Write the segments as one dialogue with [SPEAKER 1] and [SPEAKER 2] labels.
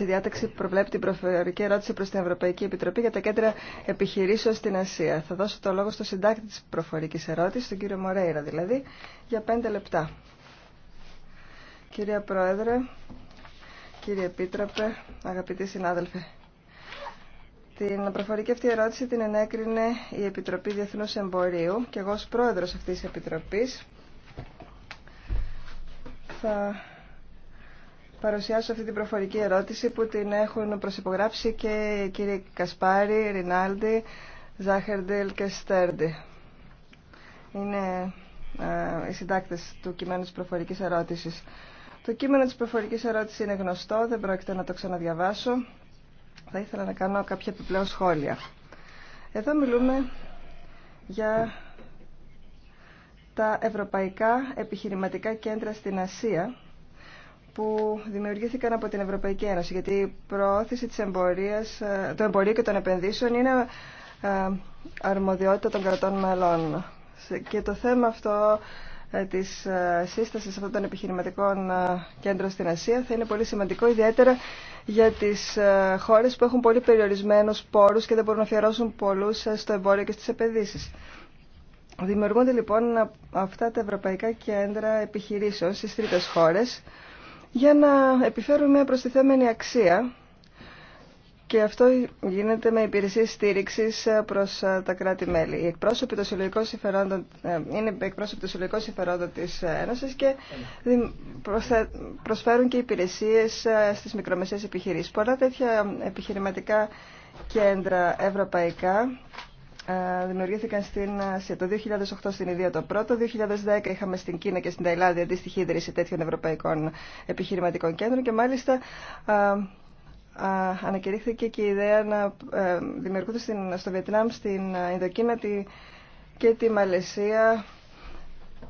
[SPEAKER 1] Η διάταξη προβλέπει την προφορική ερώτηση προς την Ευρωπαϊκή Επιτροπή για τα κέντρα επιχειρήσεων στην Ασία. Θα δώσω το λόγο στο συντάκτη της προφορικής ερώτησης, τον κύριο Μορέιρα δηλαδή, για πέντε λεπτά. Κυρία Πρόεδρε, κύριε Επίτροπε, αγαπητοί συνάδελφοι. Την προφορική αυτή ερώτηση την ενέκρινε η Επιτροπή Διεθνού Εμπορίου και εγώ ω πρόεδρος αυτής τη Επιτροπής θα παρουσιάσω αυτή την προφορική ερώτηση που την έχουν προσυπογράψει και οι κύριοι Κασπάρη, Ρινάλντι, Ζάχερντιλ και Στέρντι. Είναι ε, οι συντάκτες του κειμένου της προφορικής ερώτησης. Το κείμενο της προφορικής ερώτησης είναι γνωστό, δεν πρόκειται να το ξαναδιαβάσω. Θα ήθελα να κάνω κάποια επιπλέον σχόλια. Εδώ μιλούμε για τα ευρωπαϊκά επιχειρηματικά κέντρα στην Ασία που δημιουργήθηκαν από την Ευρωπαϊκή Ένωση, γιατί η προώθηση της εμπορίας, ε, του εμπορίου και των επενδύσεων είναι ε, αρμοδιότητα των κρατών μελών. Και το θέμα αυτό ε, της σύστασης αυτών των επιχειρηματικών κέντρων στην Ασία θα είναι πολύ σημαντικό, ιδιαίτερα για τις χώρες που έχουν πολύ περιορισμένους πόρους και δεν μπορούν να αφιερώσουν πολλούς στο εμπόριο και στις επενδύσεις. Δημιουργούνται λοιπόν αυτά τα ευρωπαϊκά κέντρα επιχειρήσεων στις τρίτες χώρες για να επιφέρουν μια προστιθέμενη αξία και αυτό γίνεται με υπηρεσίε στήριξη ε, προ ε, τα κράτη-μέλη. εκπρόσωποι των συλλογικών συμφερόντων ε, είναι εκπρόσωποι των συλλογικών συμφερόντων τη Ένωση και προσφέρουν και υπηρεσίε στι μικρομεσαίες επιχειρήσει. Πολλά τέτοια επιχειρηματικά κέντρα ευρωπαϊκά ε, δημιουργήθηκαν στην Ασία. Το 2008 στην Ιδία το πρώτο, 2010 είχαμε στην Κίνα και στην Ταϊλάνδη αντίστοιχη ίδρυση τέτοιων ευρωπαϊκών επιχειρηματικών κέντρων και μάλιστα ε, ε, ανακηρύχθηκε και η ιδέα να δημιουργούνται στο Βιετνάμ, στην Ινδοκίνα και τη Μαλαισία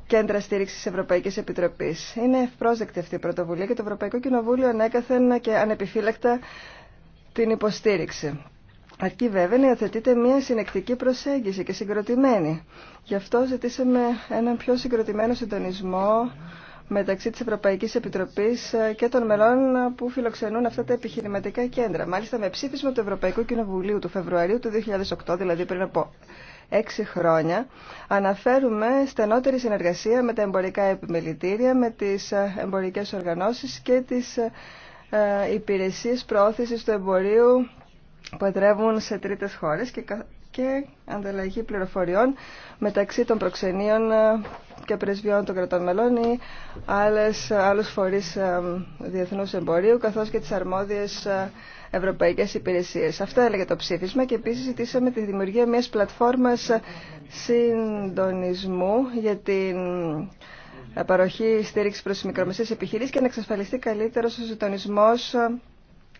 [SPEAKER 1] κέντρα στήριξη Ευρωπαϊκή Επιτροπή. Είναι ευπρόσδεκτη αυτή η πρωτοβουλία και το Ευρωπαϊκό Κοινοβούλιο ανέκαθεν και ανεπιφύλακτα την υποστήριξε. Αρκεί βέβαια να υιοθετείται μια συνεκτική προσέγγιση και συγκροτημένη. Γι' αυτό ζητήσαμε έναν πιο συγκροτημένο συντονισμό μεταξύ της Ευρωπαϊκής Επιτροπής ε, και των μελών που φιλοξενούν αυτά τα επιχειρηματικά κέντρα. Μάλιστα με ψήφισμα του Ευρωπαϊκού Κοινοβουλίου του Φεβρουαρίου του 2008, δηλαδή πριν από έξι χρόνια, αναφέρουμε στενότερη συνεργασία με τα εμπορικά επιμελητήρια, με τις ε, εμπορικές οργανώσεις και τις ε, υπηρεσίες προώθηση του εμπορίου που εδρεύουν σε τρίτες χώρες και, και ανταλλαγή πληροφοριών μεταξύ των προξενείων ε, και πρεσβειών των κρατών μελών ή άλλες, άλλους φορείς ε, διεθνούς εμπορίου καθώς και τις αρμόδιες ε, ευρωπαϊκές υπηρεσίες. Αυτά έλεγε το ψήφισμα και επίσης ζητήσαμε τη δημιουργία μιας πλατφόρμας συντονισμού για την παροχή στήριξη προς μικρομεσαίες επιχειρήσεις και να εξασφαλιστεί καλύτερος ο συντονισμός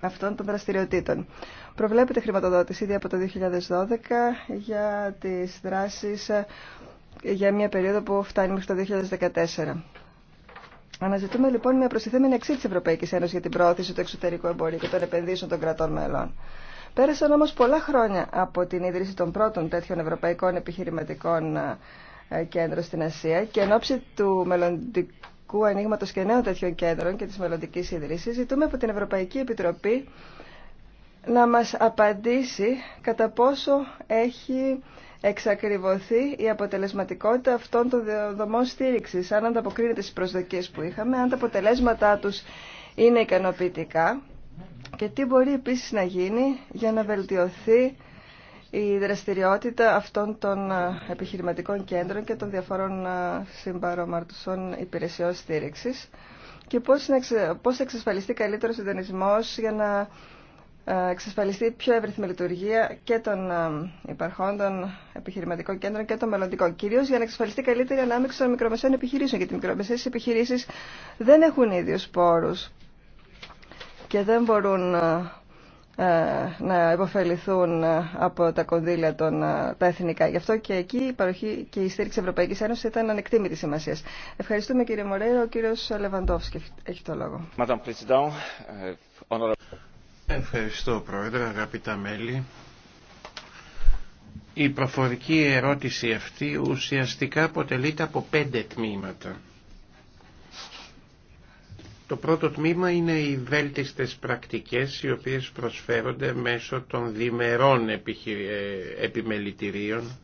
[SPEAKER 1] αυτών των δραστηριοτήτων. Προβλέπεται χρηματοδότηση ήδη από το 2012 για τις δράσεις ε, για μια περίοδο που φτάνει μέχρι το 2014. Αναζητούμε λοιπόν μια προστιθέμενη αξία τη Ευρωπαϊκή Ένωση για την προώθηση του εξωτερικού εμπορίου και των επενδύσεων των κρατών μελών. Πέρασαν όμω πολλά χρόνια από την ίδρυση των πρώτων τέτοιων ευρωπαϊκών επιχειρηματικών ε, ε, κέντρων στην Ασία και εν ώψη του μελλοντικού ευρωπαϊκού ανοίγματο και νέων τέτοιων κέντρων και τη μελλοντική ίδρυση, ζητούμε από την Ευρωπαϊκή Επιτροπή να μα απαντήσει κατά πόσο έχει εξακριβωθεί η αποτελεσματικότητα αυτών των δομών στήριξη. αν ανταποκρίνεται στι προσδοκίε που είχαμε, αν τα αποτελέσματά του είναι ικανοποιητικά και τι μπορεί επίση να γίνει για να βελτιωθεί η δραστηριότητα αυτών των ε, επιχειρηματικών κέντρων και των διαφορών ε, συμπαρομαρτουσών υπηρεσιών στήριξης και πώς, θα εξασφαλιστεί καλύτερο συντονισμός για να ε, εξασφαλιστεί πιο εύρυθμη λειτουργία και των υπαρχών των επιχειρηματικών κέντρων και των μελλοντικών. κυρίως για να εξασφαλιστεί καλύτερη ανάμειξη των μικρομεσαίων επιχειρήσεων, γιατί οι μικρομεσαίε επιχειρήσει δεν έχουν ίδιου πόρου και δεν μπορούν ε, να υποφεληθούν ε, από τα κονδύλια των, ε, τα εθνικά. Γι' αυτό και εκεί η παροχή και η στήριξη Ευρωπαϊκής Ένωσης ήταν ανεκτήμητη σημασία. Ευχαριστούμε κύριε Μωρέρο. Ο κύριος Λεβαντόφσκι έχει το λόγο.
[SPEAKER 2] Ευχαριστώ πρόεδρε, αγαπητά μέλη. Η προφορική ερώτηση αυτή ουσιαστικά αποτελείται από πέντε τμήματα. Το πρώτο τμήμα είναι οι βέλτιστες πρακτικές οι οποίες προσφέρονται μέσω των διμερών ε, επιμελητηρίων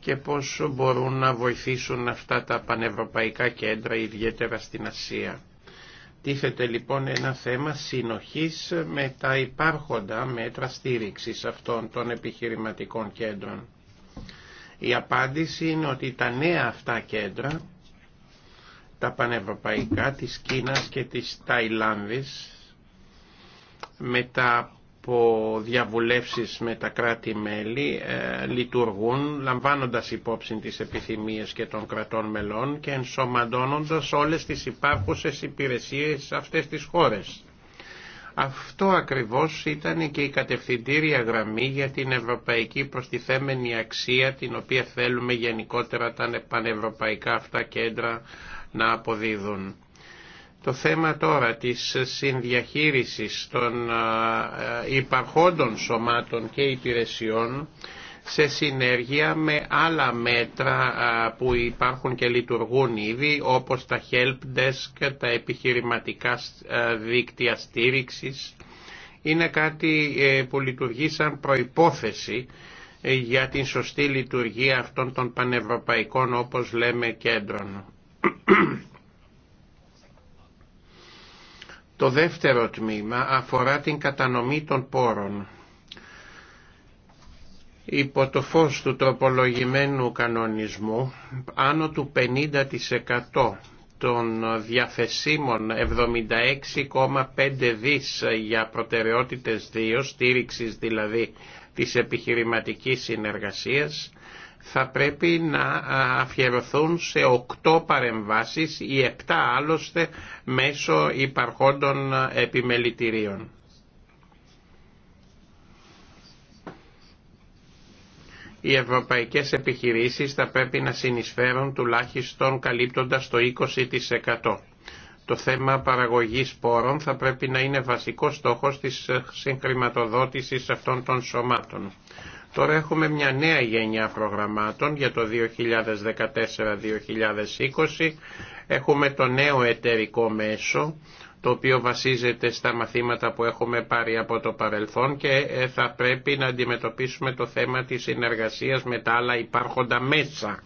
[SPEAKER 2] και πώς μπορούν να βοηθήσουν αυτά τα πανευρωπαϊκά κέντρα ιδιαίτερα στην Ασία. Τίθεται λοιπόν ένα θέμα συνοχής με τα υπάρχοντα μέτρα στήριξης αυτών των επιχειρηματικών κέντρων. Η απάντηση είναι ότι τα νέα αυτά κέντρα τα πανευρωπαϊκά της Κίνας και της Ταϊλάνδης μετά από διαβουλεύσεις με τα κράτη-μέλη ε, λειτουργούν λαμβάνοντας υπόψη τις επιθυμίες και των κρατών μελών και ενσωματώνοντας όλες τις υπάρχουσες υπηρεσίες σε αυτές τις χώρες. Αυτό ακριβώς ήταν και η κατευθυντήρια γραμμή για την ευρωπαϊκή προστιθέμενη αξία την οποία θέλουμε γενικότερα τα πανευρωπαϊκά αυτά κέντρα να αποδίδουν. Το θέμα τώρα της συνδιαχείρισης των υπαρχόντων σωμάτων και υπηρεσιών σε συνέργεια με άλλα μέτρα που υπάρχουν και λειτουργούν ήδη όπως τα help desk, τα επιχειρηματικά δίκτυα στήριξης είναι κάτι ε, που λειτουργεί σαν προϋπόθεση ε, για την σωστή λειτουργία αυτών των πανευρωπαϊκών όπως λέμε κέντρων. Το δεύτερο τμήμα αφορά την κατανομή των πόρων. Υπό το φως του τροπολογημένου κανονισμού, άνω του 50% των διαθεσίμων 76,5 δις για προτεραιότητες 2, στήριξης δηλαδή της επιχειρηματικής συνεργασίας, θα πρέπει να αφιερωθούν σε οκτώ παρεμβάσεις ή επτά άλλωστε μέσω υπαρχόντων επιμελητηρίων. Οι ευρωπαϊκές επιχειρήσεις θα πρέπει να συνεισφέρουν τουλάχιστον καλύπτοντας το 20%. Το θέμα παραγωγής πόρων θα πρέπει να είναι βασικό στόχος της συγχρηματοδότησης αυτών των σωμάτων. Τώρα έχουμε μια νέα γενιά προγραμμάτων για το 2014-2020. Έχουμε το νέο εταιρικό μέσο, το οποίο βασίζεται στα μαθήματα που έχουμε πάρει από το παρελθόν και ε, θα πρέπει να αντιμετωπίσουμε το θέμα της συνεργασίας με τα άλλα υπάρχοντα μέσα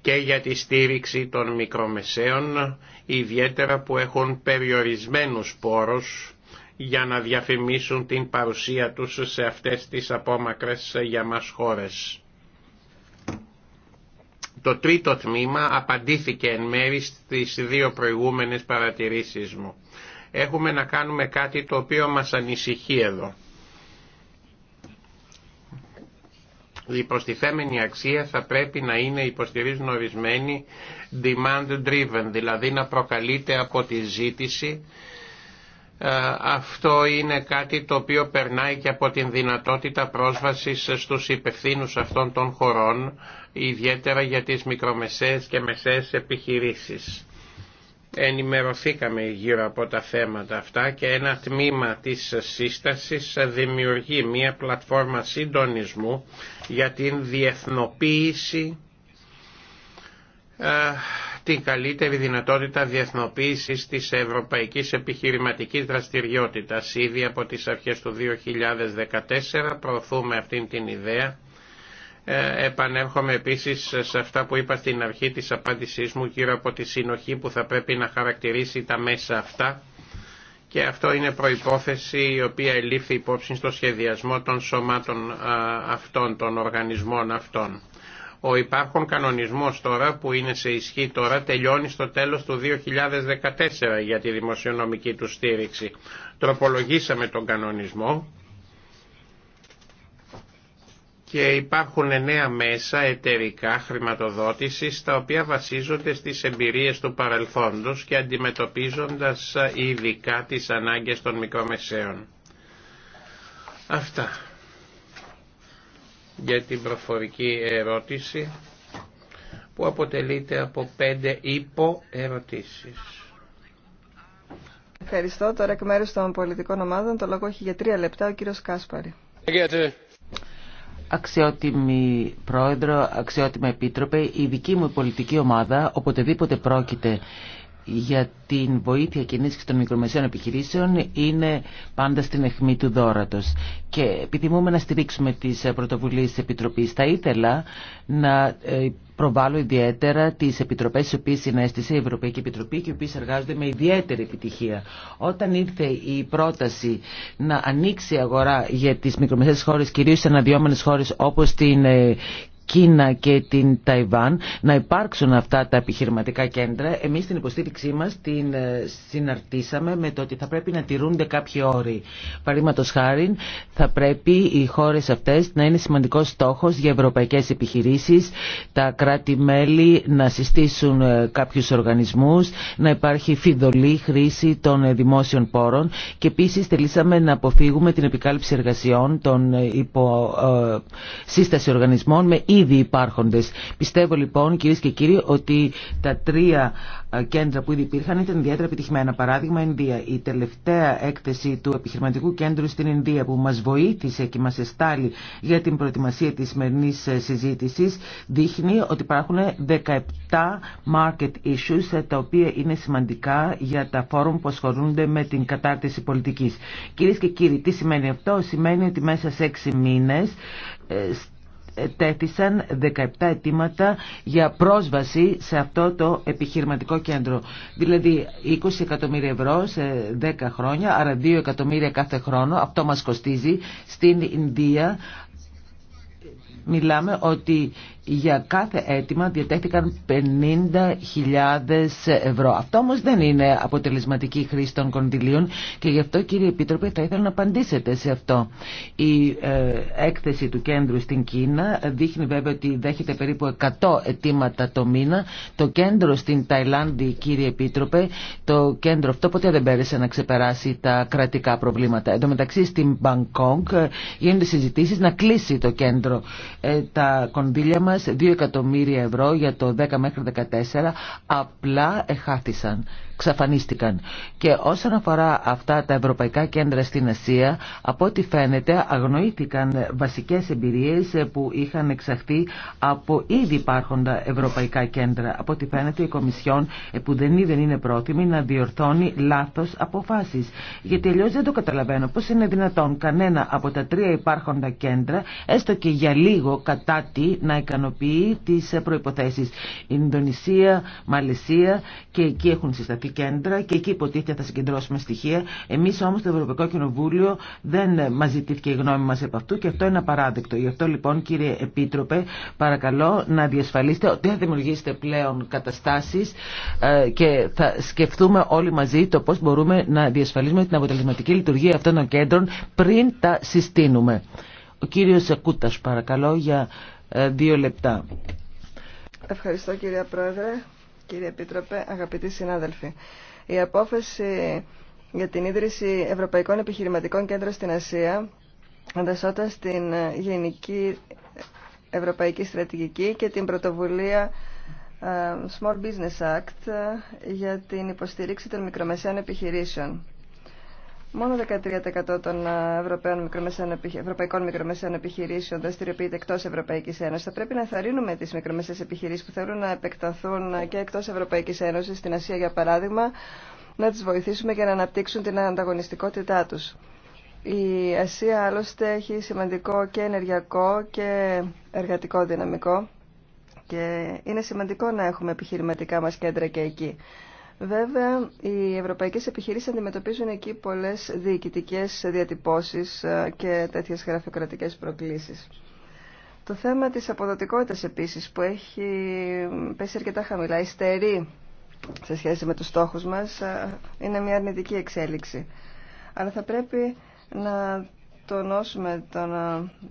[SPEAKER 2] και για τη στήριξη των μικρομεσαίων, ιδιαίτερα που έχουν περιορισμένους πόρους για να διαφημίσουν την παρουσία τους σε αυτές τις απόμακρες για μας χώρες. Το τρίτο τμήμα απαντήθηκε εν μέρη στις δύο προηγούμενες παρατηρήσεις μου. Έχουμε να κάνουμε κάτι το οποίο μας ανησυχεί εδώ. Η προστιθέμενη αξία θα πρέπει να είναι υποστηρίζουν υποστηρίζοντα demand driven, δηλαδή να προκαλείται από τη ζήτηση ε, αυτό είναι κάτι το οποίο περνάει και από την δυνατότητα πρόσβασης στους υπευθύνους αυτών των χωρών, ιδιαίτερα για τις μικρομεσαίες και μεσαίες επιχειρήσεις. Ενημερωθήκαμε γύρω από τα θέματα αυτά και ένα τμήμα της σύστασης δημιουργεί μια πλατφόρμα συντονισμού για την διεθνοποίηση ε, την καλύτερη δυνατότητα διεθνοποίησης της ευρωπαϊκής επιχειρηματικής δραστηριότητας. Ήδη από τις αρχές του 2014 προωθούμε αυτήν την ιδέα. Ε, επανέρχομαι επίσης σε αυτά που είπα στην αρχή της απάντησής μου γύρω από τη συνοχή που θα πρέπει να χαρακτηρίσει τα μέσα αυτά και αυτό είναι προϋπόθεση η οποία ελήφθη υπόψη στο σχεδιασμό των σωμάτων αυτών, των οργανισμών αυτών. Ο υπάρχον κανονισμός τώρα που είναι σε ισχύ τώρα τελειώνει στο τέλος του 2014 για τη δημοσιονομική του στήριξη. Τροπολογήσαμε τον κανονισμό και υπάρχουν νέα μέσα εταιρικά χρηματοδότησης τα οποία βασίζονται στις εμπειρίες του παρελθόντος και αντιμετωπίζοντας ειδικά τις ανάγκες των μικρομεσαίων. Αυτά για την προφορική ερώτηση που αποτελείται από πέντε υποερωτήσεις.
[SPEAKER 1] Ευχαριστώ. Τώρα εκ μέρους των πολιτικών ομάδων το λόγο έχει για τρία λεπτά ο κύριος Κάσπαρη.
[SPEAKER 3] Αξιότιμη Πρόεδρο, αξιότιμη Επίτροπε, η δική μου πολιτική ομάδα, οποτεδήποτε πρόκειται για την βοήθεια και ενίσχυση των μικρομεσαίων επιχειρήσεων είναι πάντα στην αιχμή του δόρατος. Και επιθυμούμε να στηρίξουμε τις πρωτοβουλίες της Επιτροπής. Θα ήθελα να ε, προβάλλω ιδιαίτερα τις επιτροπές τις οποίες συνέστησε η Ευρωπαϊκή Επιτροπή και οι οποίες εργάζονται με ιδιαίτερη επιτυχία. Όταν ήρθε η πρόταση να ανοίξει η αγορά για τις μικρομεσαίες χώρες, κυρίως αναδυόμενες χώρες όπως την ε, Κίνα και την Ταϊβάν να υπάρξουν αυτά τα επιχειρηματικά κέντρα. Εμεί την υποστήριξή μα την συναρτήσαμε με το ότι θα πρέπει να τηρούνται κάποιοι όροι. Παραδείγματο χάρη θα πρέπει οι χώρε αυτέ να είναι σημαντικό στόχο για ευρωπαϊκέ επιχειρήσει, τα κράτη-μέλη να συστήσουν ε, κάποιου οργανισμού, να υπάρχει φιδωλή χρήση των ε, δημόσιων πόρων και επίση θελήσαμε να αποφύγουμε την επικάλυψη εργασιών των ε, υποσύσταση οργανισμών με ήδη υπάρχοντες. Πιστεύω λοιπόν κυρίες και κύριοι ότι τα τρία κέντρα που ήδη υπήρχαν ήταν ιδιαίτερα επιτυχημένα. Παράδειγμα Ινδία. Η τελευταία έκθεση του επιχειρηματικού κέντρου στην Ινδία που μας βοήθησε και μας εστάλει για την προετοιμασία της σημερινή ε, συζήτησης δείχνει ότι υπάρχουν 17 market issues ε, τα οποία είναι σημαντικά για τα φόρουμ που ασχολούνται με την κατάρτιση πολιτικής. Κυρίες και κύριοι, τι σημαίνει αυτό? Σημαίνει ότι μέσα σε 6 μήνες ε, τέθησαν 17 αιτήματα για πρόσβαση σε αυτό το επιχειρηματικό κέντρο. Δηλαδή 20 εκατομμύρια ευρώ σε 10 χρόνια, άρα 2 εκατομμύρια κάθε χρόνο, αυτό μας κοστίζει. Στην Ινδία μιλάμε ότι για κάθε αίτημα διατέθηκαν 50.000 ευρώ. Αυτό όμως δεν είναι αποτελεσματική χρήση των κονδυλίων και γι' αυτό κύριε Επίτροπε θα ήθελα να απαντήσετε σε αυτό. Η ε, έκθεση του κέντρου στην Κίνα δείχνει βέβαια ότι δέχεται περίπου 100 αιτήματα το μήνα. Το κέντρο στην Ταϊλάνδη κύριε Επίτροπε, το κέντρο αυτό ποτέ δεν πέρασε να ξεπεράσει τα κρατικά προβλήματα. Εν τω μεταξύ στην Μπαγκόγκ ε, γίνονται να κλείσει το κέντρο. Ε, τα κονδύλια μα μας 2 εκατομμύρια ευρώ για το 10 μέχρι 14 απλά εχάθησαν ξαφανίστηκαν. Και όσον αφορά αυτά τα ευρωπαϊκά κέντρα στην Ασία, από ό,τι φαίνεται αγνοήθηκαν βασικές εμπειρίες που είχαν εξαχθεί από ήδη υπάρχοντα ευρωπαϊκά κέντρα. Από ό,τι φαίνεται η Κομισιόν που δεν είδε είναι πρόθυμη να διορθώνει λάθος αποφάσεις. Γιατί αλλιώ δεν το καταλαβαίνω πώς είναι δυνατόν κανένα από τα τρία υπάρχοντα κέντρα έστω και για λίγο κατά τη να ικανοποιεί τις προϋποθέσεις. Ινδονησία, Μαλαισία και εκεί έχουν συσταθεί κέντρα και εκεί υποτίθεται θα συγκεντρώσουμε στοιχεία. Εμεί όμω το Ευρωπαϊκό Κοινοβούλιο δεν ε, μα ζητήθηκε η γνώμη μα από αυτού και αυτό είναι απαράδεκτο. Γι' αυτό λοιπόν κύριε Επίτροπε παρακαλώ να διασφαλίσετε ότι θα δημιουργήσετε πλέον καταστάσει ε, και θα σκεφτούμε όλοι μαζί το πώ μπορούμε να διασφαλίσουμε την αποτελεσματική λειτουργία αυτών των κέντρων πριν τα συστήνουμε. Ο κύριο Σεκούτα, παρακαλώ για ε, δύο λεπτά.
[SPEAKER 1] Ευχαριστώ κυρία Πρόεδρε κύριε Επίτροπε, αγαπητοί συνάδελφοι. Η απόφαση για την ίδρυση Ευρωπαϊκών Επιχειρηματικών Κέντρων στην Ασία αντασσόταν στην Γενική Ευρωπαϊκή Στρατηγική και την πρωτοβουλία ε, Small Business Act για την υποστηρίξη των μικρομεσαίων επιχειρήσεων. Μόνο 13% των ε, ευρωπαϊκών μικρομεσαίων επιχειρήσεων δραστηριοποιείται εκτό Ευρωπαϊκή Ένωση. Θα πρέπει να θαρρύνουμε τι μικρομεσαίε επιχειρήσει που θέλουν να επεκταθούν ε, και εκτό Ευρωπαϊκή Ένωση, στην Ασία για παράδειγμα, να τι βοηθήσουμε και να αναπτύξουν την ανταγωνιστικότητά του. Η Ασία άλλωστε έχει σημαντικό και ενεργειακό και εργατικό δυναμικό και είναι σημαντικό να έχουμε επιχειρηματικά μας κέντρα και εκεί. Βέβαια, οι ευρωπαϊκές επιχειρήσεις αντιμετωπίζουν εκεί πολλές διοικητικές διατυπώσεις ε, και τέτοιες γραφειοκρατικές προκλήσεις. Το θέμα της αποδοτικότητας επίσης που έχει πέσει αρκετά χαμηλά, ιστερεί σε σχέση με τους στόχους μας, ε, είναι μια αρνητική εξέλιξη. Αλλά θα πρέπει να τονώσουμε τον,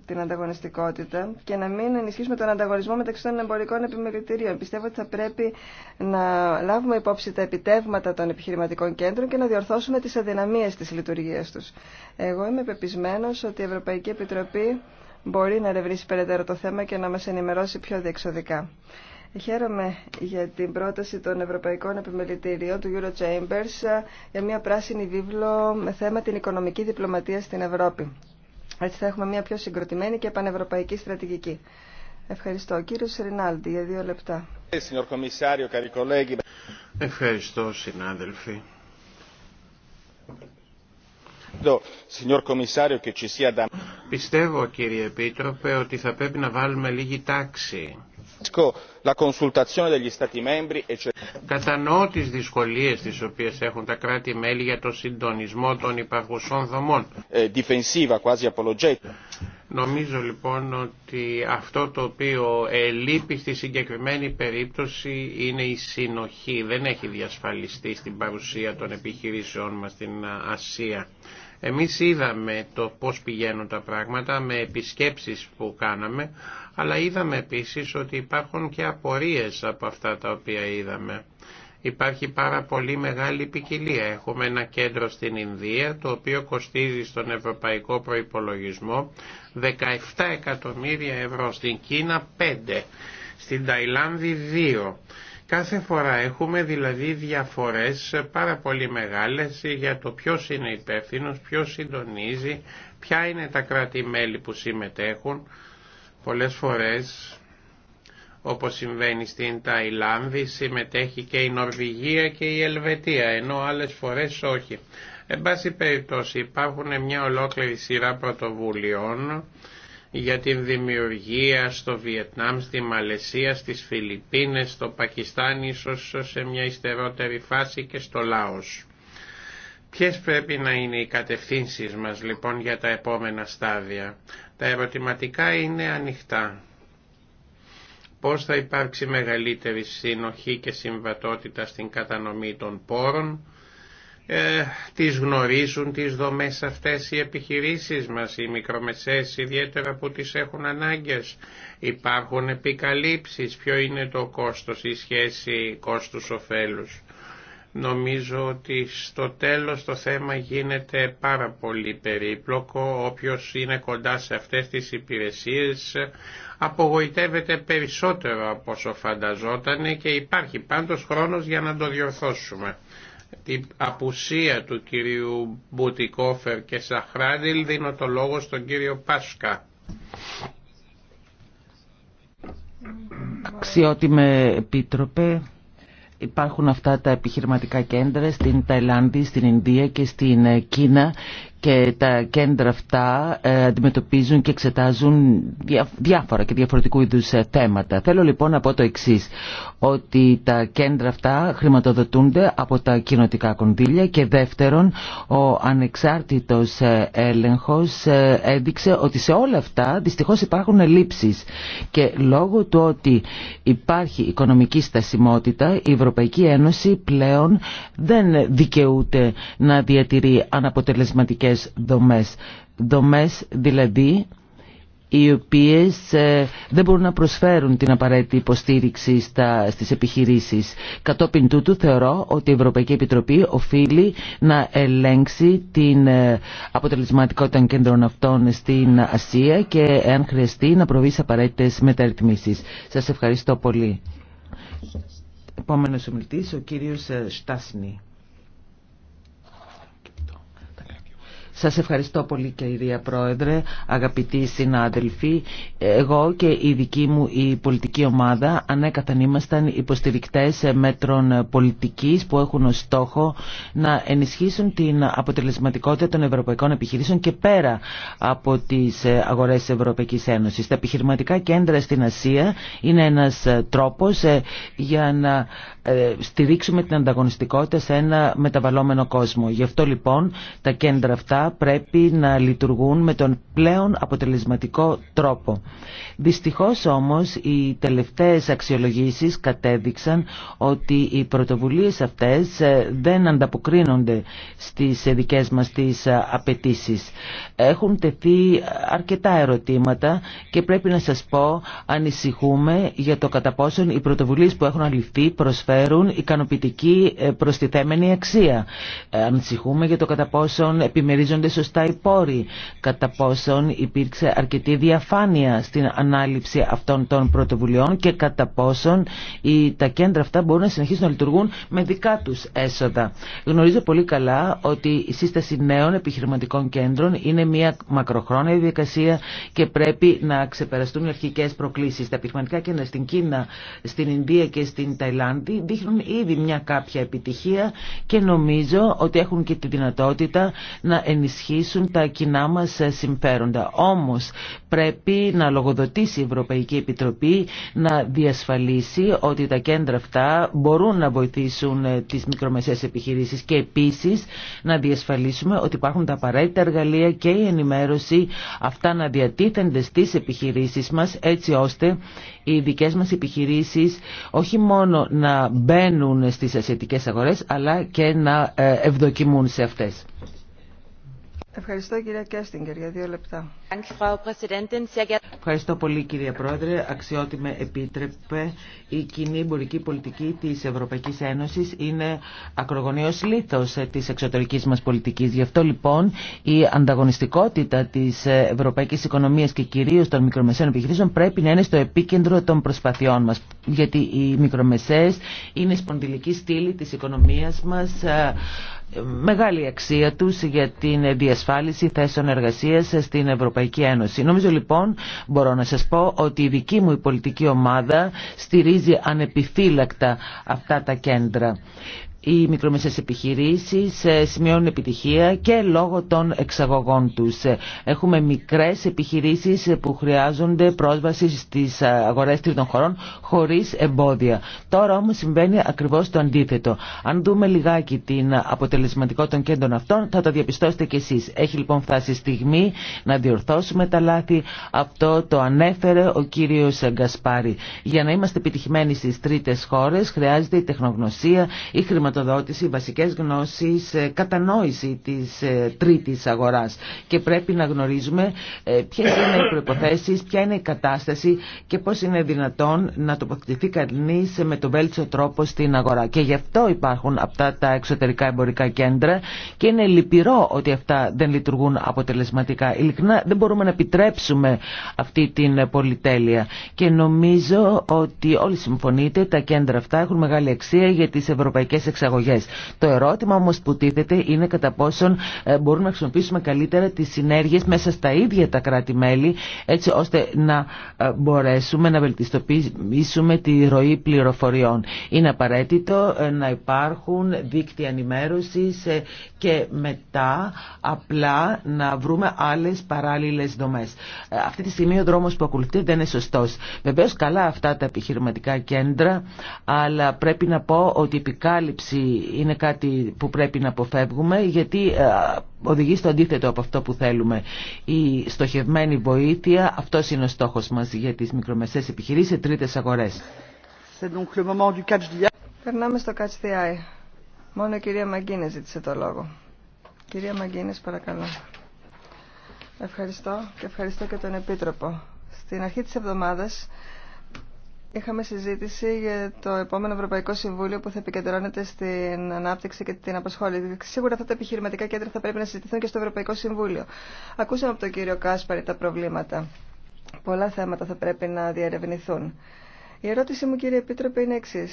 [SPEAKER 1] την ανταγωνιστικότητα και να μην ενισχύσουμε τον ανταγωνισμό μεταξύ των εμπορικών επιμελητηρίων. Πιστεύω ότι θα πρέπει να λάβουμε υπόψη τα επιτεύγματα των επιχειρηματικών κέντρων και να διορθώσουμε τις αδυναμίες της λειτουργίας τους. Εγώ είμαι πεπισμένος ότι η Ευρωπαϊκή Επιτροπή μπορεί να ρευρίσει περαιτέρω το θέμα και να μας ενημερώσει πιο διεξοδικά. Χαίρομαι για την πρόταση των Ευρωπαϊκών Επιμελητηρίων του Euro Chambers για μια πράσινη βίβλο με θέμα την οικονομική διπλωματία στην Ευρώπη. Έτσι θα έχουμε μια πιο συγκροτημένη και πανευρωπαϊκή στρατηγική. Ευχαριστώ. Κύριο Ρινάλντι για δύο λεπτά.
[SPEAKER 2] Ευχαριστώ συνάδελφοι. Πιστεύω κύριε Επίτροπε ότι θα πρέπει να βάλουμε λίγη τάξη E Κατανοώ τι δυσκολίε τι οποίε έχουν τα κράτη-μέλη για το συντονισμό των υπαρχουσών δομών. Ε, Νομίζω λοιπόν ότι αυτό το οποίο ελείπει στη συγκεκριμένη περίπτωση είναι η συνοχή. Δεν έχει διασφαλιστεί στην παρουσία των επιχειρήσεών μας στην Ασία. Εμείς είδαμε το πώς πηγαίνουν τα πράγματα με επισκέψεις που κάναμε αλλά είδαμε επίσης ότι υπάρχουν και απορίες από αυτά τα οποία είδαμε. Υπάρχει πάρα πολύ μεγάλη ποικιλία. Έχουμε ένα κέντρο στην Ινδία το οποίο κοστίζει στον ευρωπαϊκό προϋπολογισμό 17 εκατομμύρια ευρώ, στην Κίνα 5, στην Ταϊλάνδη 2. Κάθε φορά έχουμε δηλαδή διαφορές πάρα πολύ μεγάλες για το ποιος είναι υπεύθυνο, ποιος συντονίζει, ποια είναι τα κράτη-μέλη που συμμετέχουν Πολλές φορές, όπως συμβαίνει στην Ταϊλάνδη, συμμετέχει και η Νορβηγία και η Ελβετία, ενώ άλλες φορές όχι. Εν πάση περιπτώσει υπάρχουν μια ολόκληρη σειρά πρωτοβουλειών για την δημιουργία στο Βιετνάμ, στη Μαλαισία, στις Φιλιππίνες, στο Πακιστάν, ίσως σε μια υστερότερη φάση και στο Λάος. Ποιες πρέπει να είναι οι κατευθύνσεις μας λοιπόν για τα επόμενα στάδια. Τα ερωτηματικά είναι ανοιχτά. Πώς θα υπάρξει μεγαλύτερη συνοχή και συμβατότητα στην κατανομή των πόρων. Ε, τις γνωρίζουν τις δομές αυτές οι επιχειρήσεις μας, οι μικρομεσαίες ιδιαίτερα που τις έχουν ανάγκες. Υπάρχουν επικαλύψεις, ποιο είναι το κόστος, η σχέση κόστους-οφέλους. Νομίζω ότι στο τέλος το θέμα γίνεται πάρα πολύ περίπλοκο. Όποιος είναι κοντά σε αυτές τις υπηρεσίες απογοητεύεται περισσότερο από όσο φανταζόταν και υπάρχει πάντως χρόνος για να το διορθώσουμε. Την απουσία του κυρίου Μπουτικόφερ και Σαχράντιλ δίνω το λόγο στον κύριο Πάσκα.
[SPEAKER 3] Αξιότιμε επίτροπε, Υπάρχουν αυτά τα επιχειρηματικά κέντρα στην Ταϊλάνδη, στην Ινδία και στην Κίνα και τα κέντρα αυτά ε, αντιμετωπίζουν και εξετάζουν διάφορα και διαφορετικού είδους ε, θέματα. Θέλω λοιπόν να πω το εξής, ότι τα κέντρα αυτά χρηματοδοτούνται από τα κοινοτικά κονδύλια και δεύτερον ο ανεξάρτητος ε, έλεγχος έδειξε ότι σε όλα αυτά δυστυχώς υπάρχουν ελλείψεις και λόγω του ότι υπάρχει οικονομική στασιμότητα η Ευρωπαϊκή Ένωση πλέον δεν δικαιούται να διατηρεί αναποτελεσματικές Δομέ δομές. Δομές δηλαδή οι οποίες ε, δεν μπορούν να προσφέρουν την απαραίτητη υποστήριξη στα, στις επιχειρήσεις. Κατόπιν τούτου θεωρώ ότι η Ευρωπαϊκή Επιτροπή οφείλει να ελέγξει την ε, αποτελεσματικότητα των κέντρων αυτών στην Ασία και εάν χρειαστεί να προβεί σε απαραίτητες μεταρρυθμίσεις. Σας ευχαριστώ πολύ. Επόμενος ομιλητής, ο κύριος ε, Στάσνη. Σας ευχαριστώ πολύ κυρία Πρόεδρε, αγαπητοί συνάδελφοι. Εγώ και η δική μου η πολιτική ομάδα ανέκαθεν ήμασταν υποστηρικτές μέτρων πολιτικής που έχουν ως στόχο να ενισχύσουν την αποτελεσματικότητα των ευρωπαϊκών επιχειρήσεων και πέρα από τις αγορές της Ευρωπαϊκής Ένωσης. Τα επιχειρηματικά κέντρα στην Ασία είναι ένας τρόπος ε, για να ε, στηρίξουμε την ανταγωνιστικότητα σε ένα μεταβαλλόμενο κόσμο. Γι' αυτό λοιπόν τα κέντρα αυτά πρέπει να λειτουργούν με τον πλέον αποτελεσματικό τρόπο. Δυστυχώς όμως οι τελευταίες αξιολογήσεις κατέδειξαν ότι οι πρωτοβουλίες αυτές ε, δεν ανταποκρίνονται στις δικές μας τις ε, απαιτήσεις. Έχουν τεθεί αρκετά ερωτήματα και πρέπει να σας πω ανησυχούμε για το κατά πόσον οι πρωτοβουλίες που έχουν αληφθεί προσφέρουν ικανοποιητική ε, προστιθέμενη αξία. Ανησυχούμε για το κατά πόσον διαχειρίζονται σωστά οι πόροι, κατά πόσον υπήρξε αρκετή διαφάνεια στην ανάληψη αυτών των πρωτοβουλειών και κατά πόσον τα κέντρα αυτά μπορούν να συνεχίσουν να λειτουργούν με δικά του έσοδα. Γνωρίζω πολύ καλά ότι η σύσταση νέων επιχειρηματικών κέντρων είναι μια μακροχρόνια διαδικασία και πρέπει να ξεπεραστούν οι αρχικές προκλήσεις. Τα επιχειρηματικά κέντρα στην Κίνα, στην Ινδία και στην Ταϊλάνδη δείχνουν ήδη μια κάποια επιτυχία και νομίζω ότι έχουν και τη δυνατότητα να ενισχύσουν ενισχύσουν τα κοινά μας συμφέροντα. Όμως πρέπει να λογοδοτήσει η Ευρωπαϊκή Επιτροπή να διασφαλίσει ότι τα κέντρα αυτά μπορούν να βοηθήσουν ε, τις μικρομεσαίες επιχειρήσεις και επίσης να διασφαλίσουμε ότι υπάρχουν τα απαραίτητα εργαλεία και η ενημέρωση αυτά να διατίθενται στις επιχειρήσεις μας έτσι ώστε οι δικές μας επιχειρήσεις όχι μόνο να μπαίνουν στις ασιατικές αγορές αλλά και να ε, ευδοκιμούν σε αυτές.
[SPEAKER 1] Ευχαριστώ κυρία Κέστιγκερ για δύο λεπτά.
[SPEAKER 3] Ευχαριστώ πολύ κυρία Πρόεδρε. Αξιότιμε επίτρεπε η κοινή εμπορική πολιτική της Ευρωπαϊκής Ένωσης είναι ακρογωνιός λίθος της εξωτερικής μας πολιτικής. Γι' αυτό λοιπόν η ανταγωνιστικότητα της ευρωπαϊκής οικονομίας και κυρίως των μικρομεσαίων επιχειρήσεων πρέπει να είναι στο επίκεντρο των προσπαθειών μας. Γιατί οι μικρομεσαίες είναι σπονδυλική στήλη της οικονομίας μας μεγάλη αξία τους για την διασφάλιση θέσεων εργασίας στην Ευρωπαϊκή Ένωση. Νομίζω λοιπόν μπορώ να σας πω ότι η δική μου η πολιτική ομάδα στηρίζει ανεπιφύλακτα αυτά τα κέντρα οι μικρομεσαίες επιχειρήσεις ε, σημειώνουν επιτυχία και λόγω των εξαγωγών τους. Έχουμε μικρές επιχειρήσεις που χρειάζονται πρόσβαση στις αγορές τρίτων χωρών χωρίς εμπόδια. Τώρα όμως συμβαίνει ακριβώς το αντίθετο. Αν δούμε λιγάκι την αποτελεσματικότητα των κέντρων αυτών θα το διαπιστώσετε κι εσείς. Έχει λοιπόν φτάσει η στιγμή να διορθώσουμε τα λάθη. Αυτό το ανέφερε ο κύριος Γκασπάρη. Για να είμαστε επιτυχημένοι στις τρίτες χώρες χρειάζεται η τεχνογνωσία, η χρηματοδότηση χρηματοδότηση, βασικές γνώσεις, ε, κατανόηση της ε, τρίτης αγοράς και πρέπει να γνωρίζουμε ε, ποιες είναι οι προϋποθέσεις, ποια είναι η κατάσταση και πώς είναι δυνατόν να τοποθετηθεί κανείς με τον βέλτιστο τρόπο στην αγορά. Και γι' αυτό υπάρχουν αυτά τα εξωτερικά εμπορικά κέντρα και είναι λυπηρό ότι αυτά δεν λειτουργούν αποτελεσματικά. Ειλικρινά δεν μπορούμε να επιτρέψουμε αυτή την πολυτέλεια και νομίζω ότι όλοι συμφωνείτε τα κέντρα αυτά έχουν μεγάλη αξία για τις ευρωπαϊκές εξαρτήσει. Το ερώτημα όμως που τίθεται είναι κατά πόσον ε, μπορούμε να χρησιμοποιήσουμε καλύτερα τις συνέργειες μέσα στα ίδια τα κράτη-μέλη έτσι ώστε να ε, μπορέσουμε να βελτιστοποιήσουμε τη ροή πληροφοριών. Είναι απαραίτητο ε, να υπάρχουν δίκτυα ενημέρωσης και μετά απλά να βρούμε άλλες παράλληλες δομές. Αυτή τη στιγμή ο δρόμος που ακολουθεί δεν είναι σωστός. Βεβαίως καλά αυτά τα επιχειρηματικά κέντρα αλλά πρέπει να πω ότι η επικάλυψη είναι κάτι που πρέπει να αποφεύγουμε γιατί ε, οδηγεί στο αντίθετο από αυτό που θέλουμε. Η στοχευμένη βοήθεια, αυτό είναι ο στόχος μας για τις μικρομεσαίες επιχειρήσεις σε τρίτες αγορές.
[SPEAKER 1] Περνάμε στο Catch the Eye. Μόνο η κυρία Μαγκίνες ζήτησε το λόγο. Κυρία Μαγκίνες, παρακαλώ. Ευχαριστώ και ευχαριστώ και τον Επίτροπο. Στην αρχή τη εβδομάδα. Είχαμε συζήτηση για το επόμενο Ευρωπαϊκό Συμβούλιο που θα επικεντρώνεται στην ανάπτυξη και την απασχόληση. Σίγουρα αυτά τα επιχειρηματικά κέντρα θα πρέπει να συζητηθούν και στο Ευρωπαϊκό Συμβούλιο. Ακούσαμε από τον κύριο Κάσπαρη τα προβλήματα. Πολλά θέματα θα πρέπει να διαρευνηθούν. Η ερώτησή μου, κύριε Επίτροπε, είναι εξή.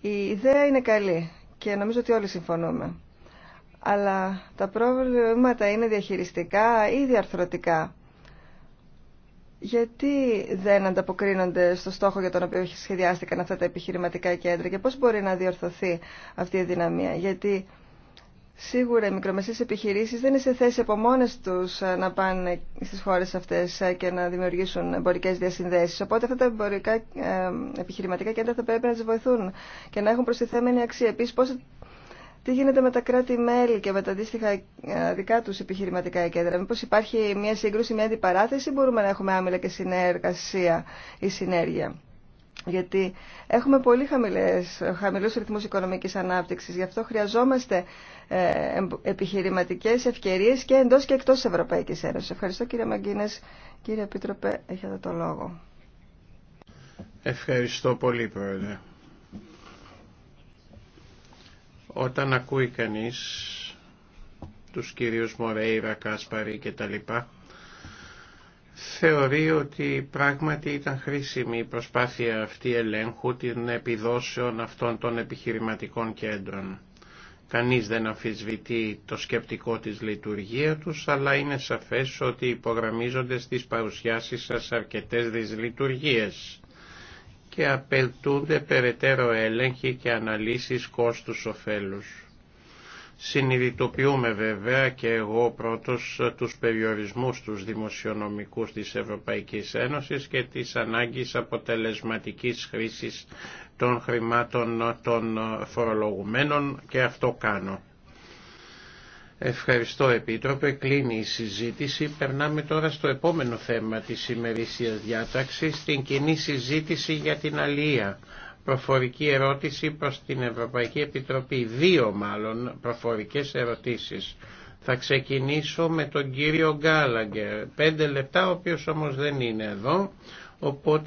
[SPEAKER 1] Η ιδέα είναι καλή και νομίζω ότι όλοι συμφωνούμε. Αλλά τα προβλήματα είναι διαχειριστικά ή διαρθρωτικά γιατί δεν ανταποκρίνονται στο στόχο για τον οποίο σχεδιάστηκαν αυτά τα επιχειρηματικά κέντρα και πώς μπορεί να διορθωθεί αυτή η δυναμία. Γιατί σίγουρα οι μικρομεσαίες επιχειρήσεις δεν είναι σε θέση από μόνες τους ε, να πάνε στις χώρες αυτές ε, και να δημιουργήσουν εμπορικές διασυνδέσεις. Οπότε αυτά τα εμπορικά ε, επιχειρηματικά κέντρα θα πρέπει να τις βοηθούν και να έχουν προστιθέμενη αξία τι γίνεται με τα κράτη-μέλη και με τα αντίστοιχα ε, δικά του επιχειρηματικά κέντρα. Μήπω υπάρχει μια σύγκρουση, μια αντιπαράθεση, μπορούμε να έχουμε άμυλα και συνεργασία ή συνέργεια. Γιατί έχουμε πολύ χαμηλού ρυθμού οικονομική ανάπτυξη. Γι' αυτό χρειαζόμαστε ε, επιχειρηματικέ ευκαιρίε και εντό και εκτό Ευρωπαϊκή Ένωση. Ευχαριστώ κύριε Μαγκίνε. Κύριε Επίτροπε, έχετε το λόγο.
[SPEAKER 2] Ευχαριστώ πολύ, Πρόεδρε. Όταν ακούει κανείς τους κυρίους Μορέιρα, Κάσπαρη και τα λοιπά, θεωρεί ότι πράγματι ήταν χρήσιμη η προσπάθεια αυτή ελέγχου την επιδόσεων αυτών των επιχειρηματικών κέντρων. Κανείς δεν αμφισβητεί το σκεπτικό της λειτουργία τους, αλλά είναι σαφές ότι υπογραμμίζονται στις παρουσιάσεις σας αρκετές δυσλειτουργίες και απαιτούνται περαιτέρω έλεγχοι και αναλύσεις κόστους ωφέλους. Συνειδητοποιούμε βέβαια και εγώ πρώτος τους περιορισμούς τους δημοσιονομικούς της Ευρωπαϊκής Ένωσης και της ανάγκης αποτελεσματικής χρήσης των χρημάτων των φορολογουμένων και αυτό κάνω. Ευχαριστώ Επίτροπε. Κλείνει η συζήτηση. Περνάμε τώρα στο επόμενο θέμα της ημερήσιας διάταξης, στην κοινή συζήτηση για την αλία. Προφορική ερώτηση προς την Ευρωπαϊκή Επιτροπή. Δύο μάλλον προφορικές ερωτήσεις. Θα ξεκινήσω με τον κύριο Γκάλαγκερ. Πέντε λεπτά, ο οποίος όμως δεν είναι εδώ. Οπότε